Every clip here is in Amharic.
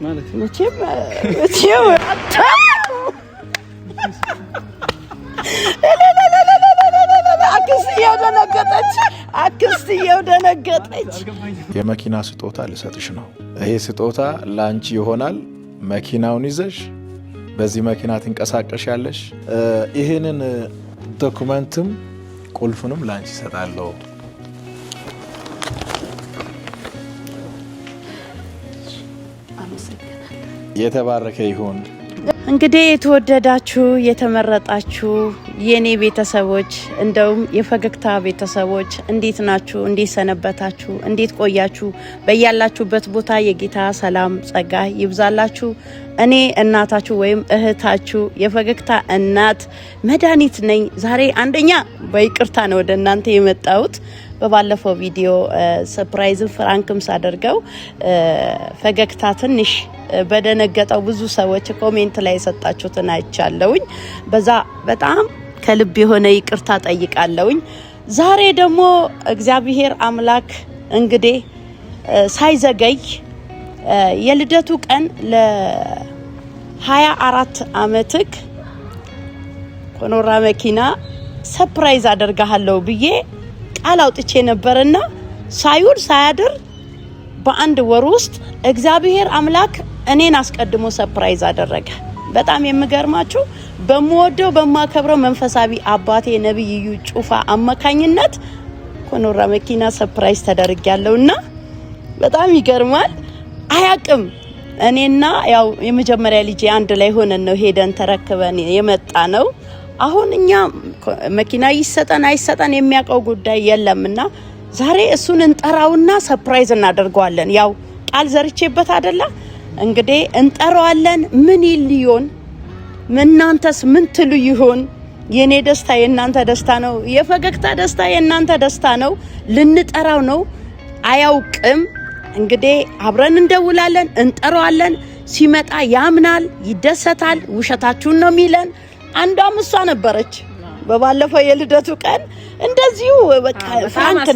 መቼም አክስትየው ደነገጠች፣ አክስትየው ደነገጠች። የመኪና ስጦታ ልሰጥሽ ነው። ይሄ ስጦታ ለአንቺ ይሆናል። መኪናውን ይዘሽ በዚህ መኪና ትንቀሳቀሽ ያለሽ። ይህንን ዶኩመንትም ቁልፉንም ለአንቺ ይሰጣለሁ። የተባረከ ይሁን። እንግዲህ የተወደዳችሁ የተመረጣችሁ የእኔ ቤተሰቦች እንደውም የፈገግታ ቤተሰቦች እንዴት ናችሁ? እንዴት ሰነበታችሁ? እንዴት ቆያችሁ? በያላችሁበት ቦታ የጌታ ሰላም ጸጋ ይብዛላችሁ። እኔ እናታችሁ ወይም እህታችሁ የፈገግታ እናት መድኃኒት ነኝ። ዛሬ አንደኛ በይቅርታ ነው ወደ እናንተ የመጣሁት በባለፈው ቪዲዮ ሰርፕራይዝ ፍራንክም ሳደርገው ፈገግታ ትንሽ በደነገጠው ብዙ ሰዎች ኮሜንት ላይ የሰጣችሁትን አይቻለውኝ። በዛ በጣም ከልብ የሆነ ይቅርታ ጠይቃለውኝ። ዛሬ ደግሞ እግዚአብሔር አምላክ እንግዲህ ሳይዘገይ የልደቱ ቀን ለ24 አመትክ ኮኖራ መኪና ሰፕራይዝ አደርግሃለሁ ብዬ ቃል አውጥቼ ነበርና ሳይውል ሳያድር በአንድ ወር ውስጥ እግዚአብሔር አምላክ እኔን አስቀድሞ ሰፕራይዝ አደረገ። በጣም የምገርማችሁ በምወደው በማከብረው መንፈሳዊ አባቴ ነቢይ እዩ ጩፋ አማካኝነት ኮኖራ መኪና ሰፕራይዝ ተደርጊያለሁ እና በጣም ይገርማል። አያቅም እኔና ያው የመጀመሪያ ልጅ አንድ ላይ ሆነን ነው ሄደን ተረክበን የመጣ ነው። አሁን እኛ መኪና ይሰጠን አይሰጠን የሚያውቀው ጉዳይ የለምና ዛሬ እሱን እንጠራውና ሰፕራይዝ እናደርገዋለን። ያው ቃል ዘርቼበት አደለ እንግዲህ እንጠራዋለን። ምን ይል ይሆን? እናንተስ ምን ትሉ ይሆን? የኔ ደስታ የእናንተ ደስታ ነው። የፈገግታ ደስታ የእናንተ ደስታ ነው። ልንጠራው ነው። አያውቅም። እንግዲህ አብረን እንደውላለን፣ እንጠራዋለን። ሲመጣ ያምናል፣ ይደሰታል። ውሸታችሁን ነው የሚለን። አንዷም እሷ ነበረች። በባለፈው የልደቱ ቀን እንደዚሁ በቃ ፍራንክ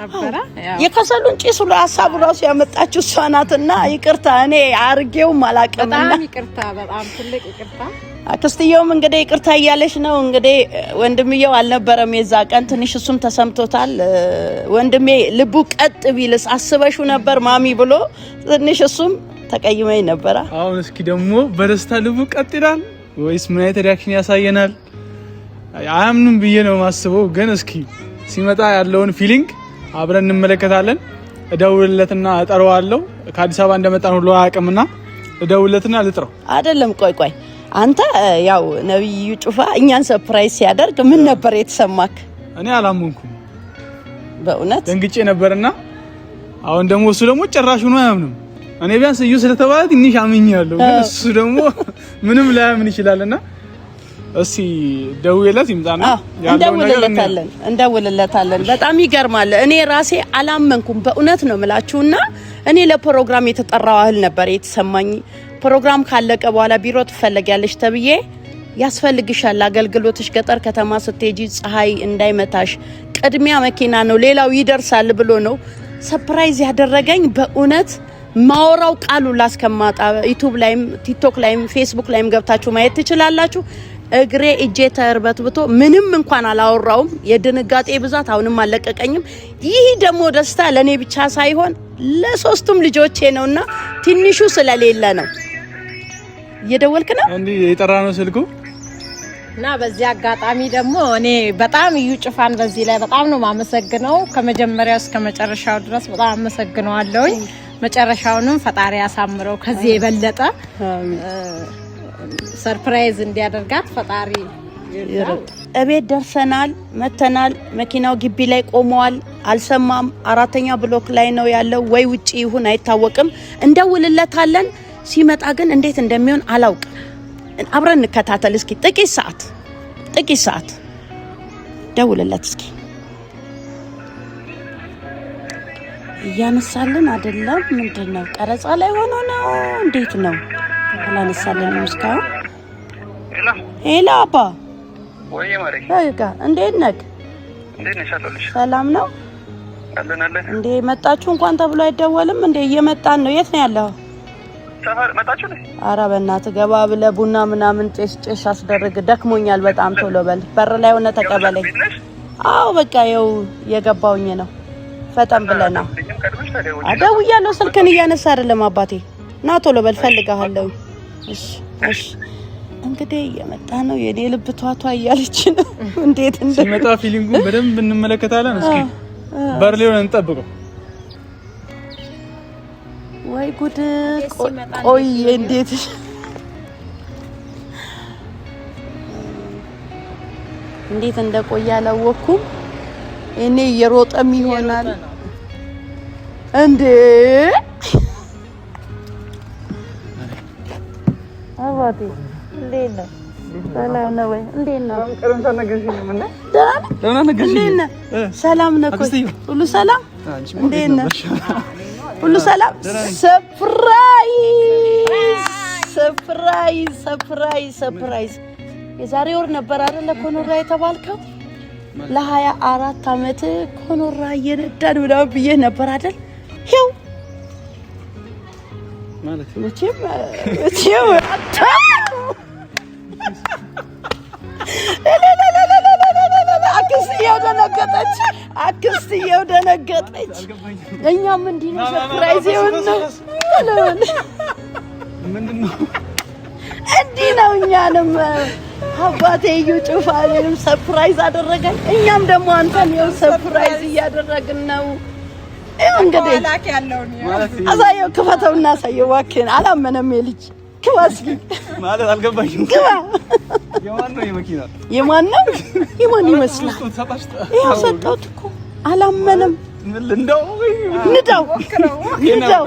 ነበረ። የከሰሉን ጭስ ሁሉ ሀሳቡ ራሱ ያመጣችው እሷ ናትና ይቅርታ እኔ አርጌውም አላውቅም። በጣም ይቅርታ፣ በጣም ትልቅ ይቅርታ። አክስትየውም እንግዲህ ይቅርታ እያለች ነው እንግዲህ። ወንድምየው አልነበረም የዛ ቀን ትንሽ እሱም ተሰምቶታል። ወንድሜ ልቡ ቀጥ ቢልስ አስበሹ ነበር ማሚ ብሎ ትንሽ እሱም ተቀይመኝ ነበረ። አሁን እስኪ ደግሞ በደስታ ልቡ ቀጥ ይላል። ወይስ ምን አይነት ሪያክሽን ያሳየናል? አያምንም ብዬ ነው ማስበው። ግን እስኪ ሲመጣ ያለውን ፊሊንግ አብረን እንመለከታለን። እደውልለትና እጠራዋለሁ። ከአዲስ አበባ እንደመጣን ሁሉ አያውቅምና እደውልለትና ልጥረው። አይደለም ቆይ ቆይ፣ አንተ ያው ነብዩ ጩፋ እኛን ሰርፕራይዝ ሲያደርግ ምን ነበር የተሰማክ? እኔ አላመንኩም በእውነት ደንግጬ ነበርና አሁን ደግሞ እሱ ደግሞ ጭራሽ ሆኖ አያምንም። እኔ ቢያንስ እዩ ስለተባለ ትንሽ አምኛለሁ፣ ግን እሱ ደግሞ ምንም ላያምን ይችላልና እና እስቲ ደውዬለት ይምጣና እንደውልለታለን እንደውልለታለን። በጣም ይገርማል። እኔ ራሴ አላመንኩም፣ በእውነት ነው የምላችሁና እኔ ለፕሮግራም የተጠራው አህል ነበር የተሰማኝ። ፕሮግራም ካለቀ በኋላ ቢሮ ትፈለጊያለሽ ተብዬ ያስፈልግሻል አገልግሎትሽ ገጠር ከተማ ስትሄጂ ፀሐይ እንዳይመታሽ ቅድሚያ መኪና ነው ሌላው ይደርሳል ብሎ ነው ሰርፕራይዝ ያደረገኝ በእውነት ማወራው ቃሉ ላስከማጣ ዩቱብ ላይም ቲክቶክ ላይም ፌስቡክ ላይም ገብታችሁ ማየት ትችላላችሁ። እግሬ እጄ ተርበትብቶ ምንም እንኳን አላወራውም፣ የድንጋጤ ብዛት አሁንም አልለቀቀኝም። ይህ ደግሞ ደስታ ለእኔ ብቻ ሳይሆን ለሶስቱም ልጆቼ ነውና ትንሹ ስለሌለ ነው። እየደወልክ ነው እንዴ? የጠራ ነው ስልኩ እና በዚህ አጋጣሚ ደግሞ እኔ በጣም እዩ ጭፋን በዚህ ላይ በጣም ነው የማመሰግነው። ከመጀመሪያው እስከ መጨረሻው ድረስ በጣም አመሰግነዋለሁኝ። መጨረሻውንም ፈጣሪ ያሳምረው። ከዚህ የበለጠ ሰርፕራይዝ እንዲያደርጋት ፈጣሪ እቤት ደርሰናል፣ መተናል። መኪናው ግቢ ላይ ቆመዋል። አልሰማም። አራተኛ ብሎክ ላይ ነው ያለው፣ ወይ ውጪ ይሁን አይታወቅም። እንደውልለታለን። ሲመጣ ግን እንዴት እንደሚሆን አላውቅም። አብረን እንከታተል እስኪ ጥቂት ሰዓት ጥቂት ሰዓት ደውልለት እስኪ እያነሳልን አይደለም። ምንድን ነው ቀረጻ ላይ ሆኖ ነው? እንዴት ነው? አላነሳልን እስካሁን። ሄላ አባ እንዴት ነህ? ሰላም ነው እንዴ? መጣችሁ እንኳን ተብሎ አይደወልም እንዴ? እየመጣን ነው። የት ነው ያለው? አረ በእናትህ ገባ ብለህ ቡና ምናምን ጭስ ጭሽ አስደርግ። ደክሞኛል በጣም ቶሎ በል። በር ላይ ሆነ ተቀበለኝ። አዎ በቃ ይኸው የገባውኝ ነው ፈጠን ብለና አደውያለሁ። ስልክን እያነሳ አይደለም አባቴ። ና ቶሎ በል ፈልጋለሁ። እሺ እሺ። እንግዲህ እየመጣ ነው የኔ ልብ ቷቷ እያለች ነው። እንዴት እንደ ሲመጣ ፊሊንጉ በደንብ እንመለከታለን። እስኪ በርሌውን እንጠብቀው። ወይ ጉድ! ቆይ እንዴት እንዴት እንደቆየ አላወኩም። እኔ እየሮጠም ይሆናል እንዴ? አባቴ ሰላም ነው ሁሉ ሰላም ሁሉ ሰላም። ሰፕራይዝ ሰፕራይዝ ሰፕራይዝ ሰፕራይዝ የዛሬ ወር ነበር አይደል? ኮኖራ የተባልከው ለሀያ አራት አመት ኮኖራ እየነዳን ምናምን ብዬ ነበር አይደል? ይኸው አክስትየው ደነገጠች፣ አክስትየው ደነገጠች። እኛም እንዲህ ነው ሰርፕራይዝ እንዲህ ነው። እኛንም አባቴ እዩ ጩፋ እኔንም ሰርፕራይዝ አደረገን። እኛም ደግሞ አንተን ይኸው ሰርፕራይዝ እያደረግን ነው። ይኸው እንግዲህ አሳየው፣ ክፈተው እና አሳየው። እባክህን አላመነም የልጅ ግባ እስኪ ማለት አልገባኝም። ግባ የማን ነው የመኪና ንዳው ንዳው ንዳው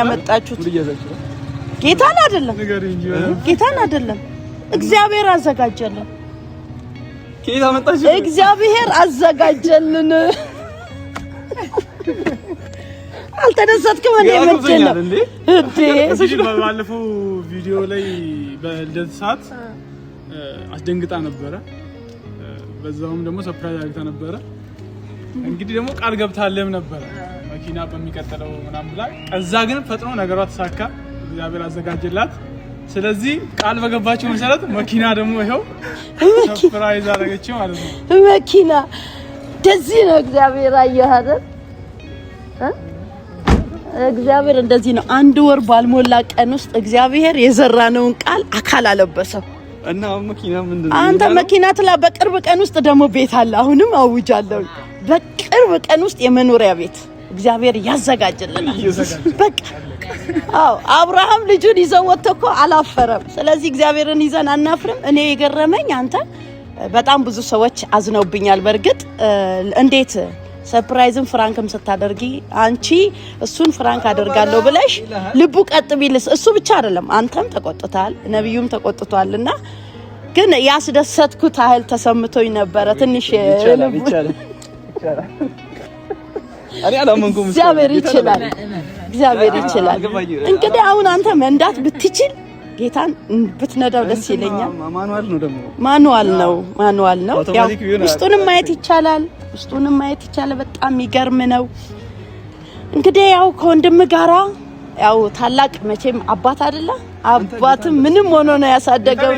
ያመጣችሁት ጌታን አይደለም፣ ጌታን አይደለም። እግዚአብሔር አዘጋጀልን። ጌታ መጣሽ። እግዚአብሔር አዘጋጀልን። አልተደሰትክም? እኔ መቼ ነው እንዴ? ባለፈው ቪዲዮ ላይ በልደት ሰዓት አስደንግጣ ነበረ። በዛውም ደግሞ ሰርፕራይዝ አድርጋ ነበረ። እንግዲህ ደግሞ ቃል ገብታለም ነበረ መኪና በሚቀጥለው ምናምን ብላ፣ ከዛ ግን ፈጥኖ ነገሯ ተሳካ። እግዚአብሔር አዘጋጀላት። ስለዚህ ቃል በገባችው መሰረት መኪና ደግሞ ይኸው ሰርፕራይዝ አደረገችው ማለት ነው። መኪና እንደዚህ ነው። እግዚአብሔር አየህ እግዚአብሔር እንደዚህ ነው። አንድ ወር ባልሞላ ቀን ውስጥ እግዚአብሔር የዘራነውን ቃል አካል አለበሰው እና መኪና ምንድን ነው አንተ መኪና ትላ። በቅርብ ቀን ውስጥ ደግሞ ቤት አለ። አሁንም አውጃለሁ። በቅርብ ቀን ውስጥ የመኖሪያ ቤት እግዚአብሔር ያዘጋጅልናል። በቃ አዎ አብርሃም ልጁን ይዘው ወጥቶ እኮ አላፈረም። ስለዚህ እግዚአብሔርን ይዘን አናፍርም። እኔ የገረመኝ አንተ በጣም ብዙ ሰዎች አዝነውብኛል። በእርግጥ እንዴት ሰርፕራይዝን ፍራንክም ስታደርጊ አንቺ እሱን ፍራንክ አደርጋለሁ ብለሽ ልቡ ቀጥ ቢልስ? እሱ ብቻ አይደለም አንተም ተቆጥታል፣ ነቢዩም ተቆጥቷል። እና ግን ያስደሰትኩት ያህል ተሰምቶኝ ነበረ ትንሽ እግዚአብሔር ይችላል፣ እግዚአብሔር ይችላል። እንግዲህ አሁን አንተ መንዳት ብትችል ጌታን ብትነዳው ደስ ይለኛል። ማኑዋል ነው፣ ማኑዋል ነው። ያው ውስጡንም ማየት ይቻላል፣ ውስጡንም ማየት ይቻላል። በጣም የሚገርም ነው። እንግዲህ ያው ከወንድም ጋራ ያው ታላቅ መቼም አባት አይደለ አባት ምንም ሆኖ ነው ያሳደገው።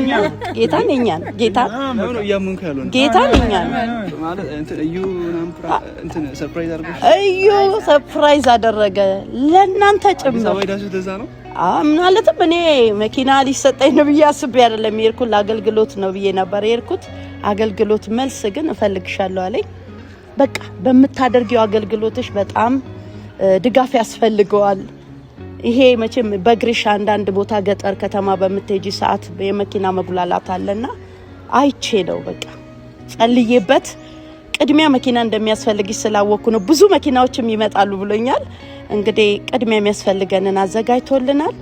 ጌታ እኛ ጌታ ጌታ ጌታን እዩ ሰርፕራይዝ አደረገ ለእናንተ ጭምር ምናለትም እኔ መኪና ሊሰጠኝ ነው ብዬ አስቤ አይደለም የሄድኩት፣ ለአገልግሎት ነው ብዬ ነበር የሄድኩት። አገልግሎት መልስ ግን እፈልግሻለሁ አለኝ። በቃ በምታደርጊው አገልግሎትሽ በጣም ድጋፍ ያስፈልገዋል ይሄ መቼም በእግርሽ አንዳንድ ቦታ ገጠር ከተማ በምትሄጂ ሰዓት የመኪና መጉላላት አለና አይቼ ነው በቃ ጸልዬበት ቅድሚያ መኪና እንደሚያስፈልግሽ ስላወቅኩ ነው። ብዙ መኪናዎችም ይመጣሉ ብሎኛል። እንግዲህ ቅድሚያ የሚያስፈልገንን አዘጋጅቶልናል።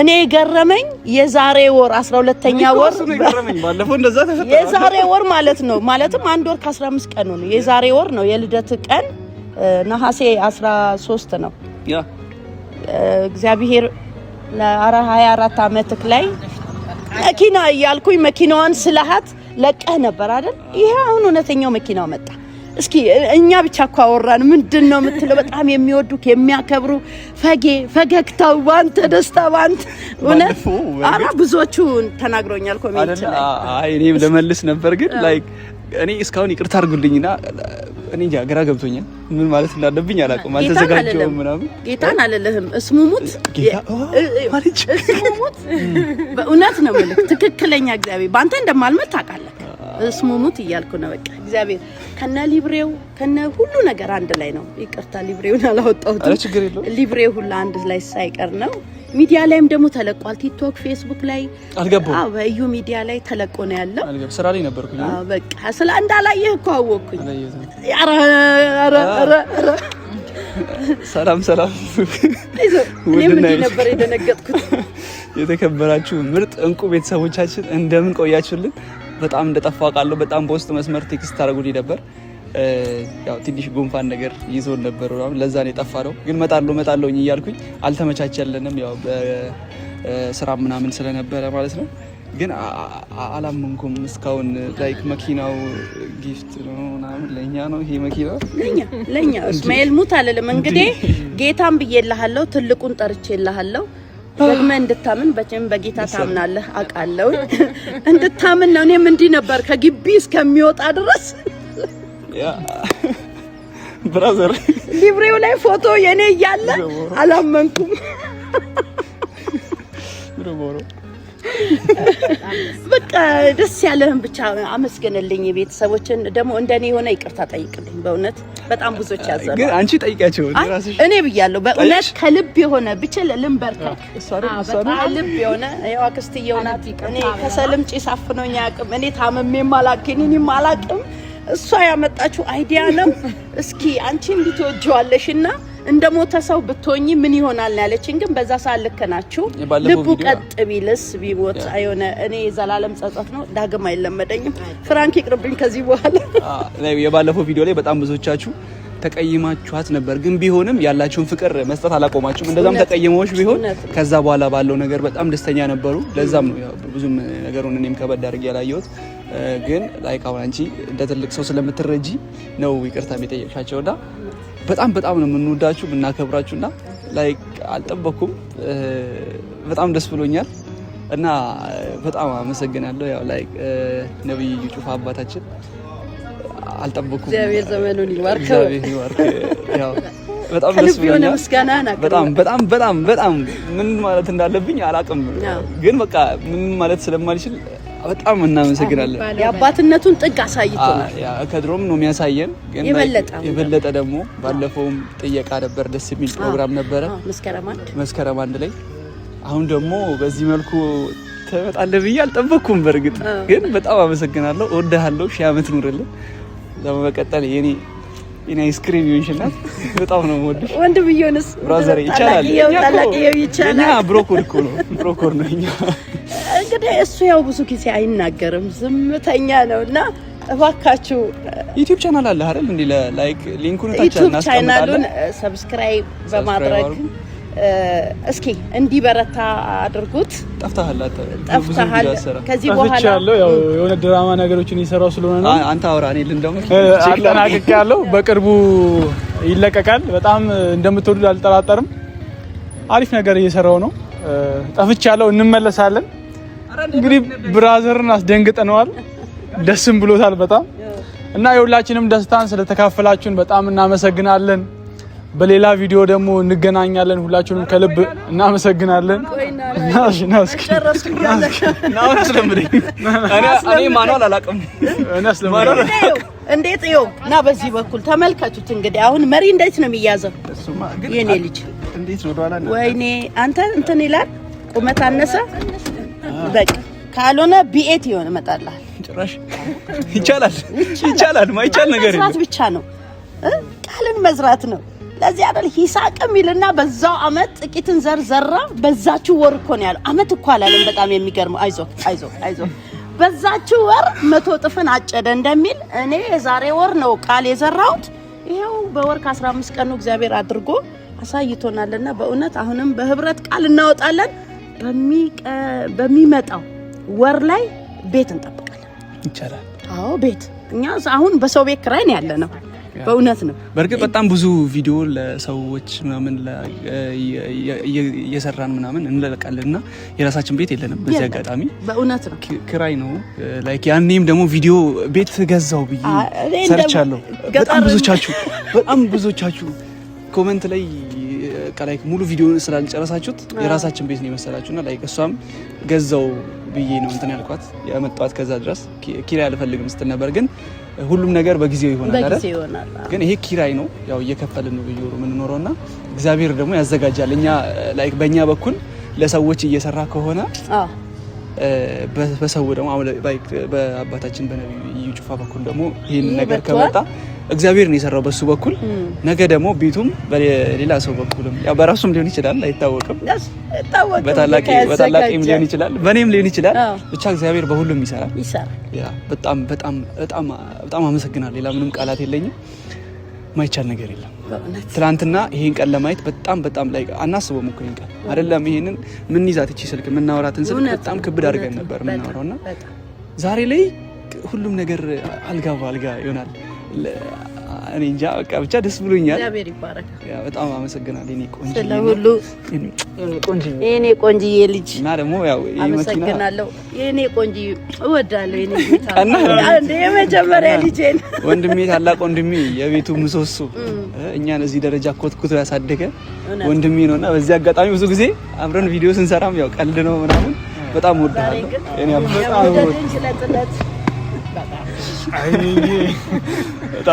እኔ የገረመኝ የዛሬ ወር 12ተኛ ወር የዛሬ ወር ማለት ነው ማለትም አንድ ወር ከ15 ቀኑ ነው የዛሬ ወር ነው የልደት ቀን ነሐሴ 13 ነው። እግዚአብሔር ሀያ አራት አመትክ ላይ መኪና እያልኩኝ መኪናዋን ስልሃት ለቀህ ነበር አይደል? ይሄ አሁን እውነተኛው መኪናው መጣ። እስኪ እኛ ብቻ እኮ አወራን። ምንድን ነው የምትለው? በጣም የሚወዱክ የሚያከብሩ ፈጌ ፈገግታው ባንተ ደስታ ባንተ እውነት አራ ብዙዎቹ ተናግሮኛል። ኮሜንት ላይ እኔም ለመልስ ነበር ግን ላይክ እኔ እስካሁን ይቅርታ አድርጉልኝና እኔ እንጃ ግራ ገብቶኛል። ምን ማለት እንዳለብኝ አላውቅም። አልተዘጋጀሁም ምናምን ጌታን አለልህም እስሙሙት እስሙሙት በእውነት ነው የምልህ ትክክለኛ እግዚአብሔር በአንተ እንደማልመት ታውቃለህ። እስሙሙት እያልኩ ነው በቃ እግዚአብሔር ከነ ሊብሬው ከነ ሁሉ ነገር አንድ ላይ ነው። ይቅርታ ሊብሬውን አላወጣሁትም። ሊብሬው ሁሉ አንድ ላይ ሳይቀር ነው ሚዲያ ላይም ደግሞ ተለቋል። ቲክቶክ፣ ፌስቡክ ላይ አልገባው። በእዩ ሚዲያ ላይ ተለቆ ነው ያለው። አልገባ ስራ ላይ ነበርኩኝ። አዎ በቃ ስለ እንዳላየህ እኮ አወቅኩኝ። ሰላም ሰላም። እኔም እንዲህ ነበር የደነገጥኩት። የተከበራችሁ ምርጥ እንቁ ቤተሰቦቻችን እንደምን ቆያችሁልን? በጣም እንደጠፋ ቃለሁ። በጣም በውስጥ መስመር ቴክስት ታደርጉልኝ ነበር ያው ትንሽ ጉንፋን ነገር ይዞን ነበር ምናምን ለዛ ነው የጠፋ ነው። ግን መጣለሁ መጣለሁ እያልኩኝ አልተመቻቸለንም፣ ያው በስራ ምናምን ስለነበረ ማለት ነው። ግን አላመንኩም እስካሁን። ላይክ መኪናው ጊፍት ነው ምናምን ለእኛ ነው ይሄ መኪና ለእኛ እስማኤል ሙት አልልም። እንግዲህ ጌታን ብዬልሃለሁ፣ ትልቁን ጠርቼልሃለሁ ደግመ እንድታምን በጭም በጌታ ታምናለህ አውቃለሁ። እንድታምን ነው። እኔም እንዲህ ነበር ከግቢ እስከሚወጣ ድረስ ብራዘር ሊብሬው ላይ ፎቶ የኔ እያለ አላመንኩም። በቃ ደስ ያለህን ብቻ አመስገንልኝ። ቤተሰቦችን ደግሞ እንደኔ የሆነ ይቅርታ ጠይቅልኝ። በእውነት በጣም ብዙዎች ያዘ አንቺ ጠይቂያቸው እኔ ብያለሁ። በእውነት ከልብ የሆነ ብችል ልንበርታት ልብ የሆነ ያው አክስትየው ናት። እኔ ከሰልም ጭስ አፍኖኝ አያውቅም። እኔ ታምሜም አላውቅም፣ እኔም አላውቅም እሷ ያመጣችው አይዲያ ነው። እስኪ አንቺ እንድትወጂዋለሽ እና እንደ ሞተ ሰው ብትሆኚ ምን ይሆናል ያለችን፣ ግን በዛ ሰዓት ልክ ናችሁ። ልቡ ቀጥ ቢልስ ቢሞት የሆነ እኔ የዘላለም ጸጸት ነው፣ ዳግም አይለመደኝም። ፍራንክ ይቅርብኝ ከዚህ በኋላ። የባለፈው ቪዲዮ ላይ በጣም ብዙዎቻችሁ ተቀይማችኋት ነበር፣ ግን ቢሆንም ያላችሁን ፍቅር መስጠት አላቆማችሁም። እንደዛም ተቀይመዎች ቢሆን ከዛ በኋላ ባለው ነገር በጣም ደስተኛ ነበሩ። ለዛም ነው ብዙም ነገሩን እኔም ከበድ አድርጌ ያላየሁት። ግን ላይክ አሁን አንቺ እንደ ትልቅ ሰው ስለምትረጂ ነው ይቅርታ የሚጠየቅሻቸው እና በጣም በጣም ነው የምንወዳችሁ የምናከብራችሁ እና ላይክ አልጠበኩም። በጣም ደስ ብሎኛል እና በጣም አመሰግናለሁ። ያው ላይክ ነብይ ጩፋ አባታችን አልጠበኩም። እግዚአብሔር ዘመኑን ያው በጣም ደስ ብሎኛል። በጣም በጣም በጣም በጣም ምን ማለት እንዳለብኝ አላቅም፣ ግን በቃ ምን ማለት ስለማልችል በጣም እናመሰግናለን። የአባትነቱን ጥግ አሳይቶናል። ከድሮም ነው የሚያሳየን፣ ግን የበለጠ ደግሞ ባለፈውም ጥየቃ ነበር፣ ደስ የሚል ፕሮግራም ነበረ መስከረም አንድ ላይ። አሁን ደግሞ በዚህ መልኩ ትመጣለህ ብዬ አልጠበኩም። በእርግጥ ግን በጣም አመሰግናለሁ፣ እወድሃለሁ፣ ሺህ ዓመት ኑርልን። ለመቀጠል የኔ የኔ አይስክሪም ይሆንሽናት በጣም ነው የምወድሽ ወንድ ብዬሽ፣ ብራዘር ይቻላል። ይቻላል። ብሮኮር እኮ ነው ብሮኮር ነው እኛ እንግዲህ እሱ ያው ብዙ ጊዜ አይናገርም፣ ዝምተኛ ነው እና እባካችሁ ዩቲዩብ ቻናል አለ አይደል? እንዲ ላይክ ሊንኩን ዩቲዩብ ቻናሉን ሰብስክራይብ በማድረግ እስኪ እንዲበረታ አድርጉት። ጠፍተሃል ጠፍታሃል። ከዚህ በኋላ ያለው ያው የሆነ ድራማ ነገሮችን እየሰራው ስለሆነ ነው። አንተ አውራ፣ እኔ ልንደውም አጠናቅቄ ያለው በቅርቡ ይለቀቃል። በጣም እንደምትወዱት አልጠራጠርም። አሪፍ ነገር እየሰራው ነው። ጠፍቻለሁ። እንመለሳለን። እንግዲህ ብራዘርን አስደንግጠነዋል። ደስም ብሎታል በጣም እና የሁላችንም ደስታን ስለተካፈላችሁን በጣም እናመሰግናለን። በሌላ ቪዲዮ ደግሞ እንገናኛለን። ሁላችሁንም ከልብ እናመሰግናለን። እንዴት ዮ እና በዚህ በኩል ተመልከቱት። እንግዲህ አሁን መሪ እንዴት ነው የሚያዘው? የኔ ልጅ ወይኔ አንተ እንትን ይላል ቁመት አነሰ በቃ ካልሆነ ቢኤት የሆነ እመጣልሃል። ጭራሽ ይቻላል ይቻላል። ማይቻል ነገር መስራት ብቻ ነው፣ ቃልን መዝራት ነው። ለዚህ አይደል ሂሳቅ የሚልና በዛው አመት ጥቂትን ዘር ዘራ። በዛችሁ ወር እኮ ነው ያለው። አመት እኮ አላለም። በጣም የሚገርመው አይዞ አይዞ አይዞ በዛችሁ ወር መቶ ጥፍን አጨደ እንደሚል እኔ የዛሬ ወር ነው ቃል የዘራሁት። ይሄው በወር ከአስራ አምስት ቀኑ እግዚአብሔር አድርጎ አሳይቶናልና በእውነት አሁንም በህብረት ቃል እናወጣለን። በሚመጣው ወር ላይ ቤት እንጠብቃለን። ይቻላል። አዎ ቤት እኛ አሁን በሰው ቤት ክራይ ነው ያለ ነው። በእውነት ነው። በእርግጥ በጣም ብዙ ቪዲዮ ለሰዎች ምናምን እየሰራን ምናምን እንለቃለን እና የራሳችን ቤት የለንም። በዚህ አጋጣሚ በእውነት ነው ክራይ ነው። ላይክ ያኔም ደግሞ ቪዲዮ ቤት ገዛው ብዬ ሰርቻለሁ። በጣም ብዙቻችሁ በጣም ብዙቻችሁ ኮመንት ላይ በቃ ላይክ ሙሉ ቪዲዮ ስላልጨረሳችሁት የራሳችን ቤት ነው የመሰላችሁና ላይክ እሷም ገዛው ብዬ ነው እንትን ያልኳት የመጣዋት። ከዛ ድረስ ኪራይ አልፈልግም ስትል ነበር፣ ግን ሁሉም ነገር በጊዜው ይሆናል። ግን ይሄ ኪራይ ነው ያው እየከፈልን ነው ብየሩ የምንኖረው እና እግዚአብሔር ደግሞ ያዘጋጃል። እኛ ላይክ በእኛ በኩል ለሰዎች እየሰራ ከሆነ በሰው ደግሞ በአባታችን በነቢዩ ጩፋ በኩል ደግሞ ይህን ነገር ከመጣ እግዚአብሔር ነው የሰራው በሱ በኩል ነገ ደግሞ ቤቱም በሌላ ሰው በኩልም ያው በራሱም ሊሆን ይችላል፣ አይታወቅም። በታላቅም ሊሆን ይችላል፣ በእኔም ሊሆን ይችላል። ብቻ እግዚአብሔር በሁሉም ይሰራል። በጣም በጣም በጣም በጣም አመሰግናለሁ። ሌላ ምንም ቃላት የለኝም። ማይቻል ነገር የለም። ትላንትና ይሄን ቀን ለማየት በጣም በጣም ላይ አናስበውም እኮ ይሄን ቀን አይደለም። ይሄንን ምን ይዛት እቺ ስልክ የምናወራትን ስልክ በጣም ክብድ አድርገን ነበር የምናወራውና ዛሬ ላይ ሁሉም ነገር አልጋ በአልጋ ይሆናል። እኔ እንጃ በቃ ብቻ ደስ ብሎኛል። በጣም አመሰግናለሁ የእኔ ቆንጆ ስለሁሉ የእኔ ቆንጅዬ ልጅ እና ደግሞ ያው አመሰግናለሁ የእኔ እወዳለሁ የእኔ የመጀመሪያ ወንድሜ ታላቅ ወንድሜ የቤቱ ምሰሶ እኛን እዚህ ደረጃ ኮትኩቶ ያሳደገ ወንድሜ ነው እና በዚህ አጋጣሚ ብዙ ጊዜ አብረን ቪዲዮ ስንሰራም ያው ቀልድ ነው ምናምን በጣም ወደለ።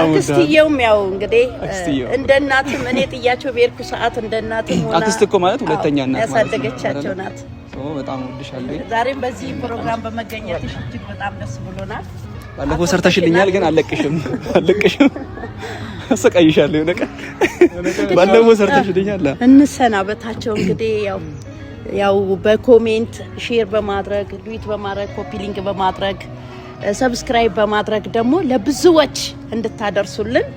አክስትየውም ያው እንግዲህ እንደ እናትም እኔ ጥያቸው በሄድኩ ሰዓት እንደ እናትም ሆና አክስት እኮ ማለት ሁለተኛ እናት ያሳደገቻቸው ናት። በጣም ወድሻለሁ። ዛሬም በዚህ ፕሮግራም በመገኘትሽ እጅግ በጣም ደስ ብሎናል። ባለፈው ሰርተሽልኛል፣ ግን አለቅሽም አለቅሽም አሰቃይሻለሁ። የሆነ ቀን ባለፈው ሰርተሽልኛል። እንሰናበታቸው እንግዲህ ያው ያው በኮሜንት ሼር በማድረግ ዱዊት በማድረግ ኮፒሊንግ በማድረግ ሰብስክራይብ በማድረግ ደግሞ ለብዙዎች እንድታደርሱልን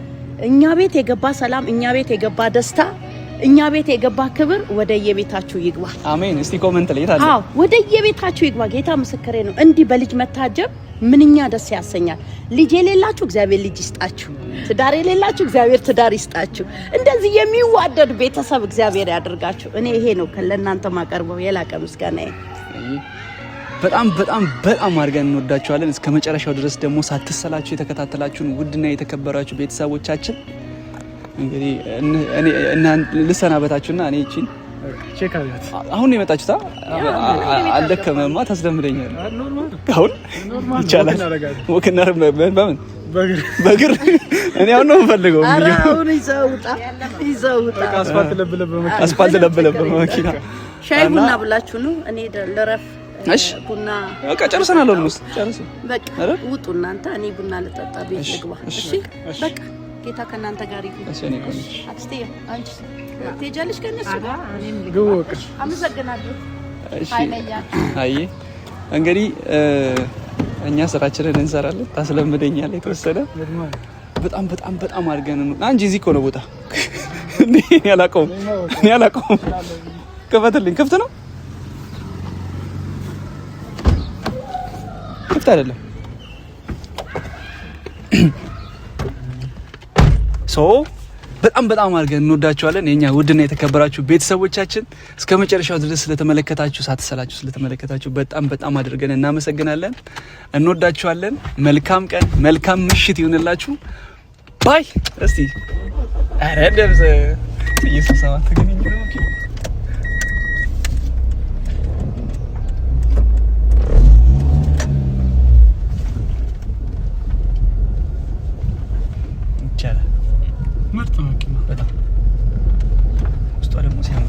እኛ ቤት የገባ ሰላም፣ እኛ ቤት የገባ ደስታ፣ እኛ ቤት የገባ ክብር ወደ የቤታችሁ ይግባ። አሜን። እስቲ ኮመንት ላይ ታለ። አዎ ወደ የቤታችሁ ይግባ። ጌታ ምስክሬ ነው። እንዲህ በልጅ መታጀብ ምንኛ ደስ ያሰኛል። ልጅ የሌላችሁ እግዚአብሔር ልጅ ይስጣችሁ። ትዳር የሌላችሁ እግዚአብሔር ትዳር ይስጣችሁ። እንደዚህ የሚዋደድ ቤተሰብ እግዚአብሔር ያደርጋችሁ። እኔ ይሄ ነው ለእናንተ ማቀርበው የላቀ ምስጋና በጣም በጣም በጣም አድርገን እንወዳችኋለን። እስከ መጨረሻው ድረስ ደግሞ ሳትሰላችሁ የተከታተላችሁን ውድና የተከበራችሁ ቤተሰቦቻችን እንግዲህ ልሰናበታችሁና እኔ ይቺን አሁን የመጣችሁታ አልደከመማ፣ ታስለምደኛል። አሁን ይቻላል። ወክ በምን በእግር እኔ አሁን ነው የምፈልገው። አስፋልት ለብለብ በመኪና ሻይ ቡና ብላችሁ ነው እኔ ልረፍ እሺ ቡና በቃ ጨርሰናል። ኦልሞስት ጨርሰን በቃ ውጡ እናንተ። እኔ ቡና ልጠጣ ቤት ልግባ። እሺ በቃ ጌታ ከእናንተ ጋር ይሁን። እሺ እኔ ቆይ አክስቴ፣ አንቺ ትሄጃለሽ ከእነሱ ጋር እኔም ልግባ። አመሰግናለሁ። እሺ አይ እንግዲህ እኛ ስራችንን እንሰራለን። ታስለምደኛለህ የተወሰነ በጣም በጣም በጣም አድርገን ነው አንጂ እዚህ እኮ ነው ቦታ። እኔ አላውቀውም፣ እኔ አላውቀውም። ክፈትልኝ። ክፍት ነው ሊፍት አይደለም። ሶ በጣም በጣም አድርገን እንወዳችኋለን የኛ ውድና የተከበራችሁ ቤተሰቦቻችን እስከ መጨረሻው ድረስ ስለተመለከታችሁ ሳትሰላችሁ ስለተመለከታችሁ በጣም በጣም አድርገን እናመሰግናለን። እንወዳችኋለን። መልካም ቀን መልካም ምሽት ይሁንላችሁ። ባይ እስቲ ምርጥ መኪና በጣም ውስጧ ደግሞ ሲያ